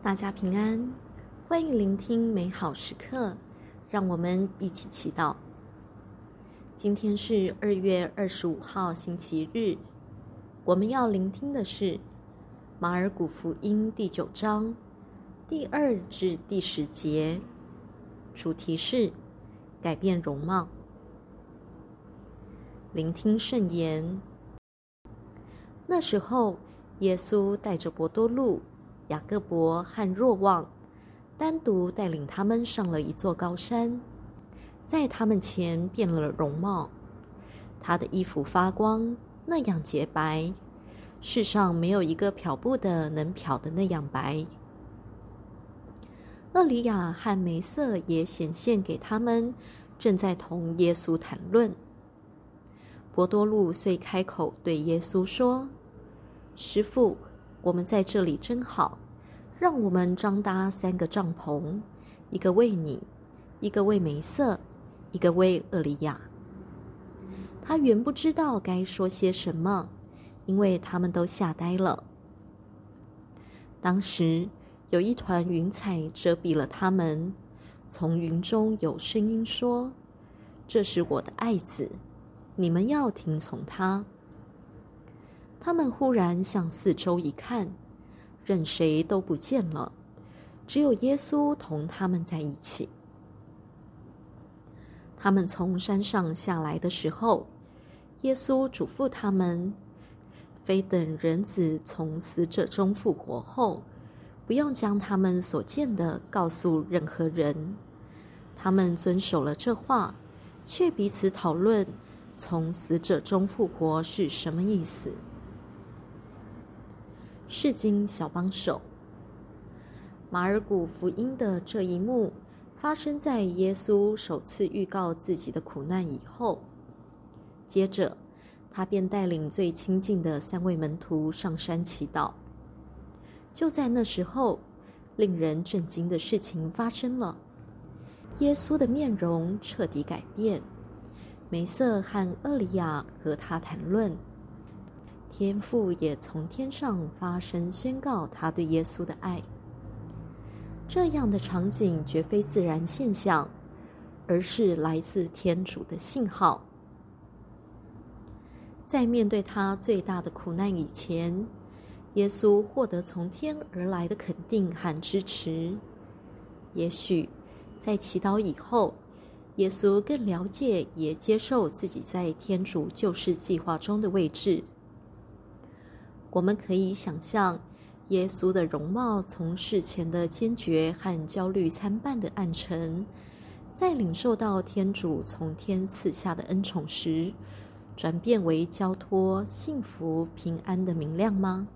大家平安，歡迎聆聽美好時刻，讓我們一起祈禱。今天是二月二十五號星期日，我們要聆聽的是馬爾谷福音第九章第二至第十節，主題是改變容貌，聆聽聖言。那時候，耶穌帶着伯多祿。雅各伯和若望單獨帶領他們上了一座高山，在他們前變了容貌，他的衣服發光，那樣潔白，世上沒有一個漂布的能漂得那樣白。厄里亞和梅瑟也顯現給他們，正在同耶穌談論。伯多祿遂開口對耶穌說：“師傅。”我們在這裡真好，讓我們張搭三個帳篷，一個為你，一個為梅瑟，一個為厄里亞。他原不知道該說些什麼，因為他們都嚇呆了。當時有一團雲彩遮蔽了他們，從雲中有聲音說：“這是我的愛子，你們要聽從他。”他們忽然向四周一看，任誰都不見了，只有耶穌同他們在一起。他們從山上下來的時候，耶穌囑咐他們，非等人子從死者中復活後，不用將他們所見的告訴任何人。他們遵守了這話，卻彼此討論從死者中復活是什麼意思。釋經小幫手，《馬爾谷福音》的這一幕發生在耶穌首次預告自己的苦難以後。接着，他便帶領最親近的三位門徒上山祈禱。就在那時候，令人震驚的事情發生了：耶穌的面容徹底改變。梅瑟和厄里亞和他談論。天父也從天上發聲宣告他對耶穌的愛。這樣的場景絕非自然現象，而是來自天主的信號。在面對他最大的苦難以前，耶穌獲得從天而來的肯定和支持。也許在祈禱以後，耶穌更了解也接受自己在天主救世計劃中的位置。我們可以想象，耶穌的容貌從事前的堅決和焦慮參半的暗沉，在領受到天主從天賜下的恩寵時，轉變為交託、信服、平安的明亮嗎？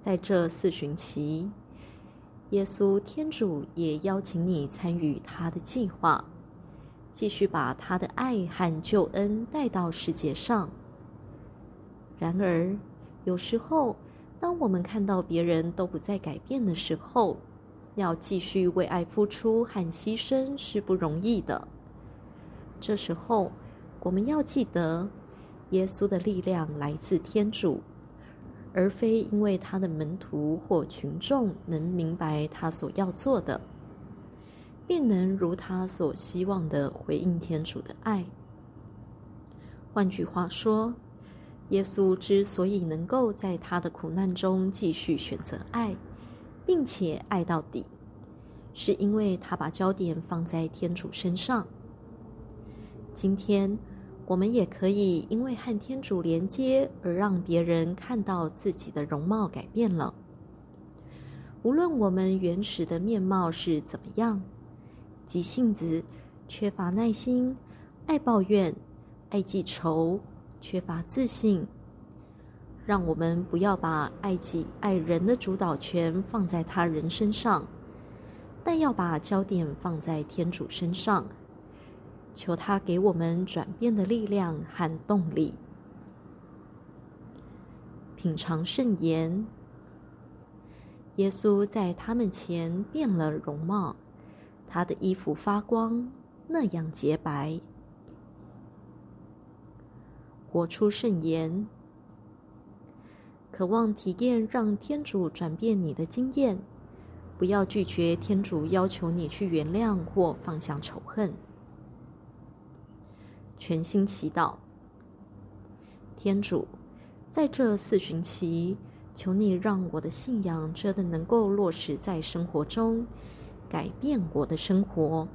在這四旬期，耶穌天主也邀請你參與他的計劃，繼續把他的愛和救恩帶到世界上。然而。有時候，當我們看到別人都不再改變的時候，要繼續為愛付出和犧牲是不容易的。這時候，我們要記得，耶穌的力量來自天主，而非因為他的門徒或群眾能明白他所要做的，並能如他所希望的回應天主的愛。換句話說。耶穌之所以能夠在他的苦難中繼續選擇愛，並且愛到底，是因為他把焦點放在天主身上。今天我們也可以因為和天主連接，而讓別人看到自己的容貌改變了。無論我們原始的面貌是怎麼樣，急性子、缺乏耐心、愛抱怨、愛記仇。缺乏自信，讓我們不要把愛己、愛人的主導權放在他人身上，但要把焦點放在天主身上，求他給我們轉變的力量和動力。品嚐聖言，耶穌在他們前變了容貌，他的衣服發光，那樣潔白。活出聖言，渴望體驗讓天主轉變你的經驗。不要拒絕天主要求你去原諒或放下仇恨。全心祈禱，天主，在這四旬期，求你讓我的信仰真的能夠落實在生活中，改變我的生活。